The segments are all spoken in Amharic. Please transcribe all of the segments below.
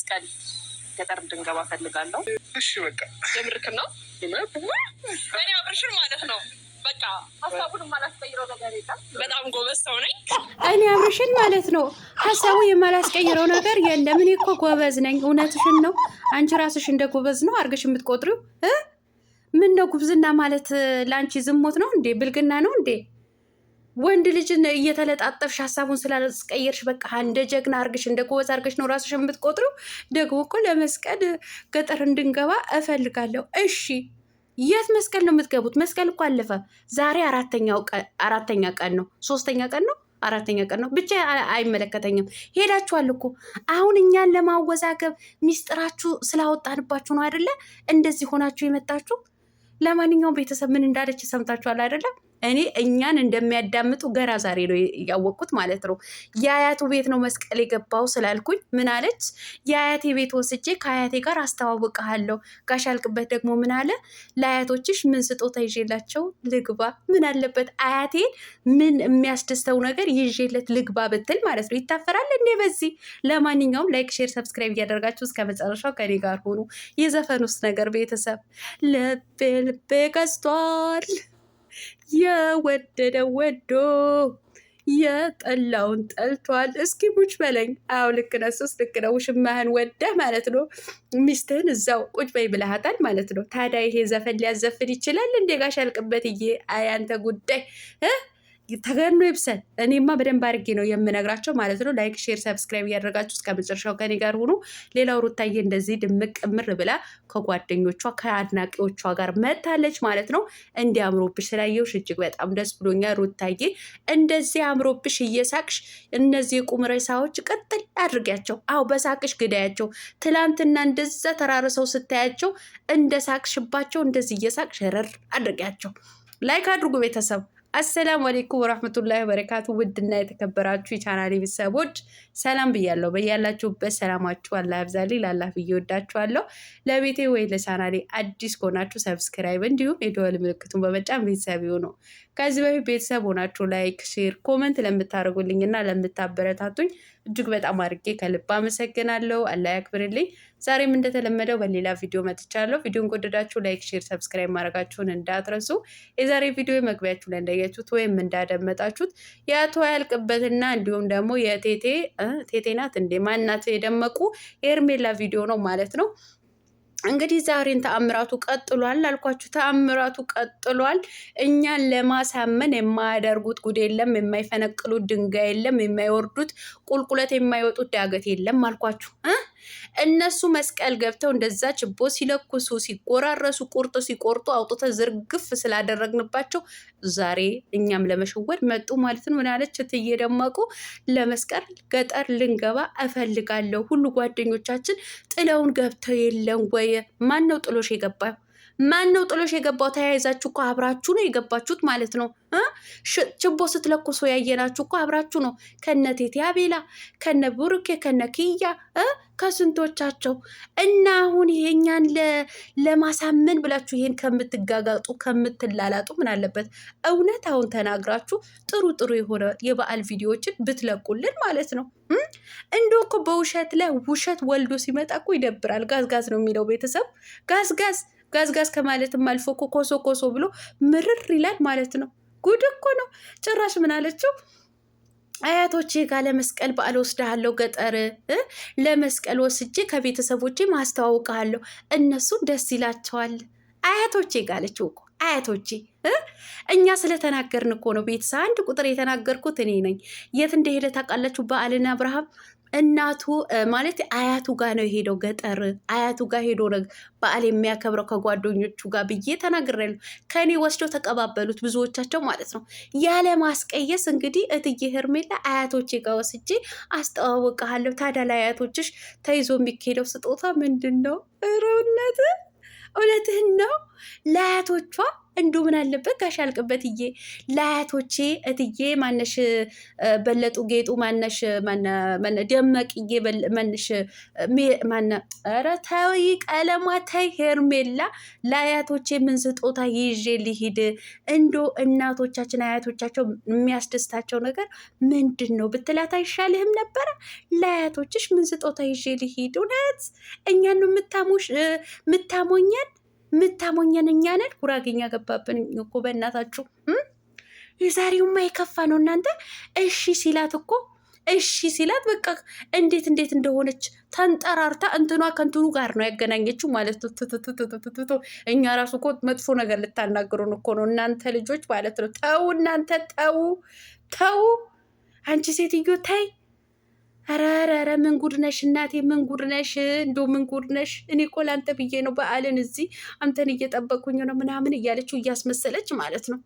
መስቀል ገጠር እንድንገባ ፈልጋለሁ። እሺ በቃ የምርክን ነው እኔ አብርሽን ማለት ነው። በቃ ሀሳቡን የማላስቀይረው ነገር የለም። በጣም ጎበዝ ሰው ነኝ። እኔ አብርሽን ማለት ነው ሀሳቡ የማላስቀይረው ነገር የለም። እኔ እኮ ጎበዝ ነኝ። እውነትሽን ነው። አንቺ ራስሽ እንደ ጎበዝ ነው አድርገሽ የምትቆጥሪው። ምን ነው ጉብዝና ማለት ለአንቺ ዝሞት ነው እንዴ? ብልግና ነው እንዴ? ወንድ ልጅን እየተለጣጠፍሽ ሀሳቡን ስላስቀየርሽ በቃ እንደ ጀግና አርግሽ እንደ ጎበዝ አርግሽ ነው ራስሽ የምትቆጥረው። ደግሞ እኮ ለመስቀል ገጠር እንድንገባ እፈልጋለሁ። እሺ የት መስቀል ነው የምትገቡት? መስቀል እኮ አለፈ። ዛሬ አራተኛ ቀን ነው፣ ሶስተኛ ቀን ነው፣ አራተኛ ቀን ነው። ብቻ አይመለከተኝም። ሄዳችኋል እኮ አሁን እኛን ለማወዛገብ ሚስጥራችሁ ስላወጣንባችሁ ነው አይደለ? እንደዚህ ሆናችሁ የመጣችሁ። ለማንኛውም ቤተሰብ ምን እንዳለች ሰምታችኋል አይደለም? እኔ እኛን እንደሚያዳምጡ ገና ዛሬ ነው ያወቅኩት ማለት ነው። የአያቱ ቤት ነው መስቀል የገባው ስላልኩኝ ምን አለች? የአያቴ ቤት ወስጄ ከአያቴ ጋር አስተዋውቅሃለሁ። ጋሻልቅበት ደግሞ ምን አለ? ለአያቶችሽ ምን ስጦታ ይዤላቸው ልግባ? ምን አለበት አያቴ ምን የሚያስደስተው ነገር ይዤለት ልግባ ብትል ማለት ነው። ይታፈራል እንዴ በዚህ? ለማንኛውም ላይክ፣ ሼር፣ ሰብስክራይብ እያደረጋችሁ እስከ መጨረሻው ከኔ ጋር ሆኑ። የዘፈን ውስጥ ነገር ቤተሰብ ልቤ ልቤ ገዝቷል። የወደደ ወዶ የጠላውን ጠልቷል። እስኪ ቡች በለኝ። አዎ ልክ ነህ፣ እሱስ ልክ ነው። ውሽማህን ወደህ ማለት ነው ሚስትህን እዛው ቁጭ በይ ብለሃታል ማለት ነው። ታዲያ ይሄ ዘፈን ሊያዘፍን ይችላል እንዴ? ጋሽ አልቅበትዬ፣ አያንተ ጉዳይ ተገኑ ይብሰል። እኔማ በደንብ አድርጌ ነው የምነግራቸው ማለት ነው። ላይክ፣ ሼር፣ ሰብስክራይብ እያደረጋችሁ እስከ መጨረሻው ከኔ ጋር ሁኑ። ሌላው ሩታዬ እንደዚህ ድምቅ ምር ብላ ከጓደኞቿ ከአድናቂዎቿ ጋር መታለች ማለት ነው። እንዲህ አምሮብሽ ስላየሁሽ እጅግ በጣም ደስ ብሎኛል ሩታዬ። እንደዚህ አምሮብሽ እየሳቅሽ እነዚህ የቁም ሬሳዎች ቅጥል አድርጊያቸው። አዎ በሳቅሽ ግዳያቸው። ትላንትና እንደዛ ተራርሰው ስታያቸው እንደ ሳቅሽባቸው እንደዚህ እየሳቅሽ ረር አድርጊያቸው። ላይክ አድርጉ ቤተሰብ። አሰላሙ አሌይኩም ወራህመቱላሂ ወበረካቱ። ውድና የተከበራችሁ የቻናሌ ቤተሰቦች ሰላም ብያለሁ። በያላችሁበት ሰላማችሁ አላህ ያብዛልኝ። ላላህ ብዬ ወዳችኋለሁ። ለቤቴ ወይ ለቻናሌ አዲስ ከሆናችሁ ሰብስክራይብ እንዲሁም የደወል ምልክቱን በመጫን ቤተሰብ ይሁኑ። ከዚህ በፊት ቤተሰብ ሆናችሁ ላይክ፣ ሼር፣ ኮመንት ለምታደርጉልኝ እና ለምታበረታቱኝ እጅግ በጣም አድርጌ ከልብ አመሰግናለሁ። አላህ ያክብርልኝ። ዛሬም እንደተለመደው በሌላ ቪዲዮ መጥቻለሁ። ቪዲዮን ጎደዳችሁ ላይክ፣ ሼር፣ ሰብስክራይብ ማድረጋችሁን እንዳትረሱ። የዛሬ ቪዲዮ መግቢያችሁ ላይ እንዳያችሁት ወይም እንዳደመጣችሁት የአቶ ያልቅበትና እንዲሁም ደግሞ የቴቴ ቴቴናት እንዴ ማናት የደመቁ የሄርሜላ ቪዲዮ ነው ማለት ነው። እንግዲህ ዛሬን ተአምራቱ ቀጥሏል አልኳችሁ። ተአምራቱ ቀጥሏል። እኛን ለማሳመን የማያደርጉት ጉድ የለም፣ የማይፈነቅሉት ድንጋይ የለም፣ የማይወርዱት ቁልቁለት የማይወጡት ዳገት የለም አልኳችሁ። እነሱ መስቀል ገብተው እንደዛ ችቦ ሲለኩሱ ሲጎራረሱ ቁርጦ ሲቆርጡ አውጥተ ዝርግፍ ስላደረግንባቸው ዛሬ እኛም ለመሸወድ መጡ ማለት ነው። ምናለች እትዬ ደመቁ ለመስቀል ገጠር ልንገባ እፈልጋለሁ። ሁሉ ጓደኞቻችን ጥለውን ገብተው የለም ወይ? ማን ነው ጥሎሽ የገባው? ማን ነው ጥሎሽ የገባው? ተያይዛችሁ እኮ አብራችሁ ነው የገባችሁት ማለት ነው። ችቦ ስትለኩሶ ያየናችሁ እኮ አብራችሁ ነው። ከነ ቴቴ አቤላ፣ ከነ ብሩኬ፣ ከነ ክያ ከስንቶቻቸው እና አሁን ይሄኛን ለማሳመን ብላችሁ ይሄን ከምትጋጋጡ ከምትላላጡ ምን አለበት እውነት አሁን ተናግራችሁ ጥሩ ጥሩ የሆነ የበዓል ቪዲዮዎችን ብትለቁልን ማለት ነው። እንዶ እኮ በውሸት ላይ ውሸት ወልዶ ሲመጣ እኮ ይደብራል። ጋዝጋዝ ነው የሚለው ቤተሰብ ጋዝጋዝ ጋዝጋዝ ከማለትም አልፎ እኮ ኮሶ ኮሶ ብሎ ምርር ይላል ማለት ነው። ጉድ እኮ ነው። ጭራሽ ምን አለችው? አያቶቼ ጋር ለመስቀል በዓል ወስድሃለሁ፣ ገጠር ለመስቀል ወስጄ ከቤተሰቦቼ ማስተዋውቀሃለሁ፣ እነሱን ደስ ይላቸዋል። አያቶቼ ጋር አለችው እኮ አያቶቼ እኛ ስለተናገርን እኮ ነው። ቤተሰብ አንድ ቁጥር የተናገርኩት እኔ ነኝ። የት እንደሄደ ታውቃላችሁ? በዓልን አብርሃም እናቱ ማለት አያቱ ጋር ነው የሄደው ገጠር አያቱ ጋር ሄዶ በዓል የሚያከብረው ከጓደኞቹ ጋር ብዬ ተናግሬያለሁ። ከእኔ ወስደው ተቀባበሉት ብዙዎቻቸው ማለት ነው። ያለ ማስቀየስ እንግዲህ እትዬ ሄርሜላ አያቶቼ ጋር ወስጄ አስተዋውቅሃለሁ። ታዲያ ለአያቶችሽ ተይዞ የሚካሄደው ስጦታ ምንድን ነው? እውነት እውነትህን ነው ለአያቶቿ እንዶ ምን አለበት ጋሽ አልቅበትዬ ለአያቶቼ እትዬ ማነሽ በለጡ ጌጡ ማነሽ ደመቅዬ ማነሽ ማነ ኧረ ተይ ቀለሟ ተይ ሄርሜላ ለአያቶቼ ምን ስጦታ ይዤ ልሂድ እንዶ እናቶቻችን አያቶቻቸው የሚያስደስታቸው ነገር ምንድን ነው ብትላት አይሻልህም ነበረ ለአያቶችሽ ምን ስጦታ ይዤ ልሂድ እውነት እኛን ነው የምታሞኛል ምታሞኘን እኛ ነን። ጉራጌኛ ገባብን እኮ በእናታችሁ። የዛሬውማ የከፋ ነው እናንተ። እሺ ሲላት እኮ እሺ ሲላት በቃ እንዴት እንዴት እንደሆነች ተንጠራርታ እንትኗ ከንትኑ ጋር ነው ያገናኘችው ማለት ነው። እኛ ራሱ እኮ መጥፎ ነገር ልታናግሩን እኮ ነው እናንተ ልጆች ማለት ነው። ተው እናንተ ተው ተው፣ አንቺ ሴትዮ ታይ ረረረ ኧረ ምን ጉድ ነሽ እናቴ! ምን ጉድ ነሽ! እንዶ፣ ምን ጉድ ነሽ! እኔ እኮ ለአንተ ብዬ ነው በዓልን እዚህ አንተን እየጠበቅኩኝ ነው ምናምን እያለችው እያስመሰለች ማለት ነው።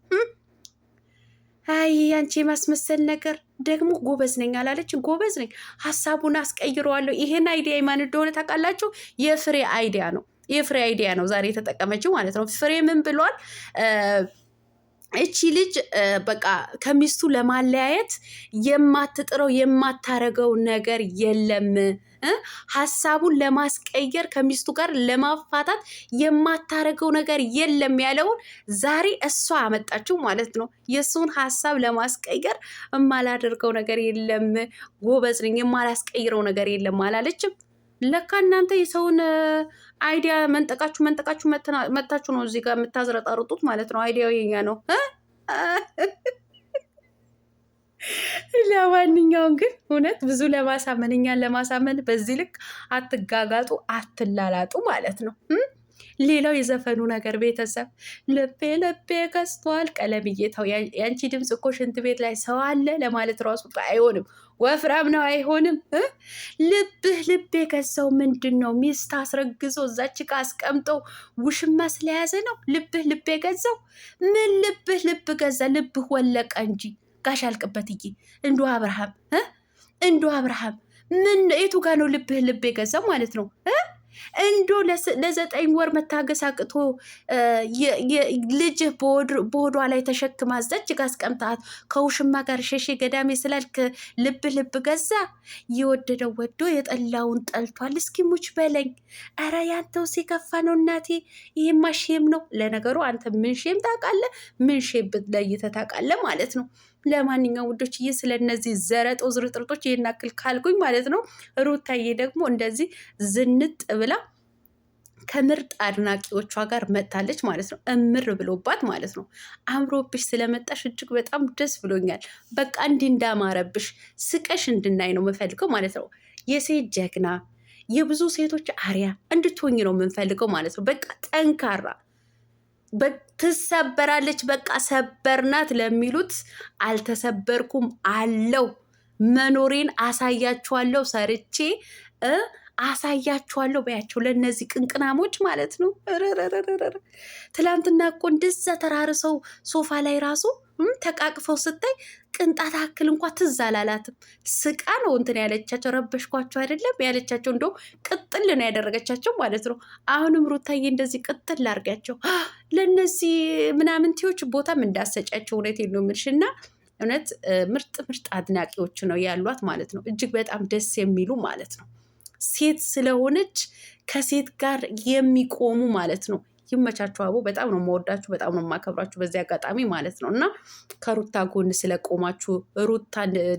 አይ አንቺ የማስመሰል ነገር ደግሞ ጎበዝ ነኝ አላለች። ጎበዝ ነኝ ሀሳቡን አስቀይረዋለሁ። ይሄን አይዲያ የማን እንደሆነ ታውቃላችሁ? የፍሬ አይዲያ ነው። የፍሬ አይዲያ ነው ዛሬ የተጠቀመችው ማለት ነው። ፍሬ ምን ብሏል? እቺ ልጅ በቃ ከሚስቱ ለማለያየት የማትጥረው የማታረገው ነገር የለም። ሀሳቡን ለማስቀየር ከሚስቱ ጋር ለማፋታት የማታረገው ነገር የለም ያለውን ዛሬ እሷ አመጣችው ማለት ነው። የእሱን ሀሳብ ለማስቀየር የማላደርገው ነገር የለም፣ ጎበዝ ነኝ፣ የማላስቀይረው ነገር የለም አላለችም። ለካ እናንተ የሰውን አይዲያ መንጠቃችሁ መንጠቃችሁ መታችሁ ነው እዚህ ጋር የምታዝረጣርጡት ማለት ነው። አይዲያው የኛ ነው። ለማንኛውም ግን እውነት ብዙ ለማሳመን እኛን ለማሳመን በዚህ ልክ አትጋጋጡ፣ አትላላጡ ማለት ነው። ሌላው የዘፈኑ ነገር ቤተሰብ ልቤ ልቤ ከስቷል። ቀለምዬ ተው፣ ያንቺ ድምፅ እኮ ሽንት ቤት ላይ ሰው አለ ለማለት ራሱ አይሆንም። ወፍራም ነው አይሆንም። ልብህ ልቤ ከሰው ምንድን ነው ሚስት አስረግዞ እዛች ጋ አስቀምጦ ውሽማ ስለያዘ ነው ልብህ ልቤ ገዛው። ምን ልብህ ልብ ገዛ? ልብህ ወለቀ እንጂ ጋሽ አልቅበትዬ፣ እንዱ አብርሃም እንዱ አብርሃም ምን የቱ ጋ ነው ልብህ ልቤ ገዛው ማለት ነው እ እንዶ ለዘጠኝ ወር መታገስ አቅቶ ልጅህ በሆዷ ላይ ተሸክማ ዘች ጋ አስቀምጣት ከውሽማ ጋር ሸሽ ገዳሜ ስላልክ ልብ ልብ ገዛ። የወደደው ወዶ የጠላውን ጠልቷል። እስኪ ሙች በለኝ። ኧረ ያንተው ሲከፋ ነው እናቴ። ይሄማ ሼም ነው። ለነገሩ አንተ ምን ሼም ታውቃለህ? ምን ሼም ለይተህ ታውቃለህ ማለት ነው። ለማንኛውም ውዶችዬ ስለነዚህ ዘረጦ ዝርጥርጦች ይህን ካልኩኝ ማለት ነው። ሩታዬ ደግሞ እንደዚህ ዝንጥ ብላ ከምርጥ አድናቂዎቿ ጋር መጥታለች ማለት ነው። እምር ብሎባት ማለት ነው። አምሮብሽ ስለመጣሽ እጅግ በጣም ደስ ብሎኛል። በቃ እንዲህ እንዳማረብሽ ስቀሽ እንድናይ ነው የምፈልገው ማለት ነው። የሴት ጀግና፣ የብዙ ሴቶች አሪያ እንድትሆኝ ነው የምንፈልገው ማለት ነው። በቃ ጠንካራ ትሰበራለች፣ በቃ ሰበርናት ለሚሉት አልተሰበርኩም አለው መኖሬን አሳያችኋለሁ ሰርቼ አሳያችኋለሁ በያቸው ለእነዚህ ቅንቅናሞች ማለት ነው። ትላንትና እኮ እንደዛ ተራርሰው ሶፋ ላይ ራሱ ተቃቅፈው ስታይ ቅንጣት አክል እንኳ ትዝ አላላትም። ስቃ ነው እንትን ያለቻቸው ረበሽኳቸው አይደለም ያለቻቸው፣ እንደው ቅጥል ነው ያደረገቻቸው ማለት ነው። አሁንም ሩታዬ እንደዚህ ቅጥል ላርጋቸው ለእነዚህ ምናምንቴዎች ቦታም እንዳሰጫቸው እውነቴን ነው የምልሽ እና እውነት ምርጥ ምርጥ አድናቂዎች ነው ያሏት ማለት ነው። እጅግ በጣም ደስ የሚሉ ማለት ነው። ሴት ስለሆነች ከሴት ጋር የሚቆሙ ማለት ነው። ይመቻችሁ። አቦ በጣም ነው የምወዳችሁ፣ በጣም ነው የማከብራችሁ በዚህ አጋጣሚ ማለት ነው እና ከሩታ ጎን ስለቆማችሁ ሩታ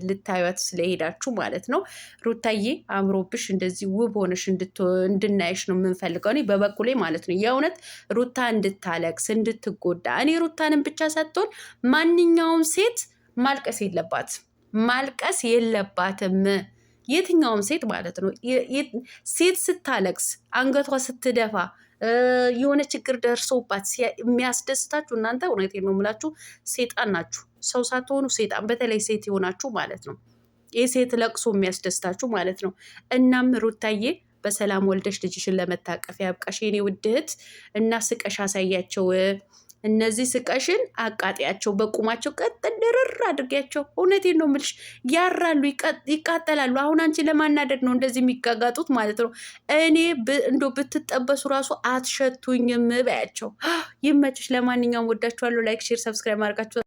ልታዩት ስለሄዳችሁ ማለት ነው። ሩታዬ አምሮብሽ እንደዚህ ውብ ሆነሽ እንድናየሽ ነው የምንፈልገው። እኔ በበኩሌ ማለት ነው የእውነት ሩታ እንድታለቅስ እንድትጎዳ፣ እኔ ሩታንን ብቻ ሳትሆን ማንኛውም ሴት ማልቀስ የለባት ማልቀስ የለባትም። የትኛውም ሴት ማለት ነው ሴት ስታለቅስ አንገቷ ስትደፋ የሆነ ችግር ደርሶባት የሚያስደስታችሁ እናንተ እውነቴን ነው የምላችሁ ሴጣን ናችሁ። ሰው ሳትሆኑ ሴጣን፣ በተለይ ሴት የሆናችሁ ማለት ነው። የሴት ለቅሶ የሚያስደስታችሁ ማለት ነው። እናም ሩታዬ በሰላም ወልደሽ ልጅሽን ለመታቀፍ ያብቃሽ የኔ ውድ እህት እና ስቀሽ አሳያቸው። እነዚህ ስቀሽን አቃጢያቸው፣ በቁማቸው ቀጥ ድርር አድርጊያቸው። እውነቴን ነው የምልሽ፣ ያራሉ፣ ይቃጠላሉ። አሁን አንቺ ለማናደድ ነው እንደዚህ የሚጋጋጡት ማለት ነው። እኔ እንዶ ብትጠበሱ ራሱ አትሸቱኝም በያቸው። ይመችሽ። ለማንኛውም ወዳችኋለሁ። ላይክ፣ ሼር፣ ሰብስክራይብ ማድረጋቸው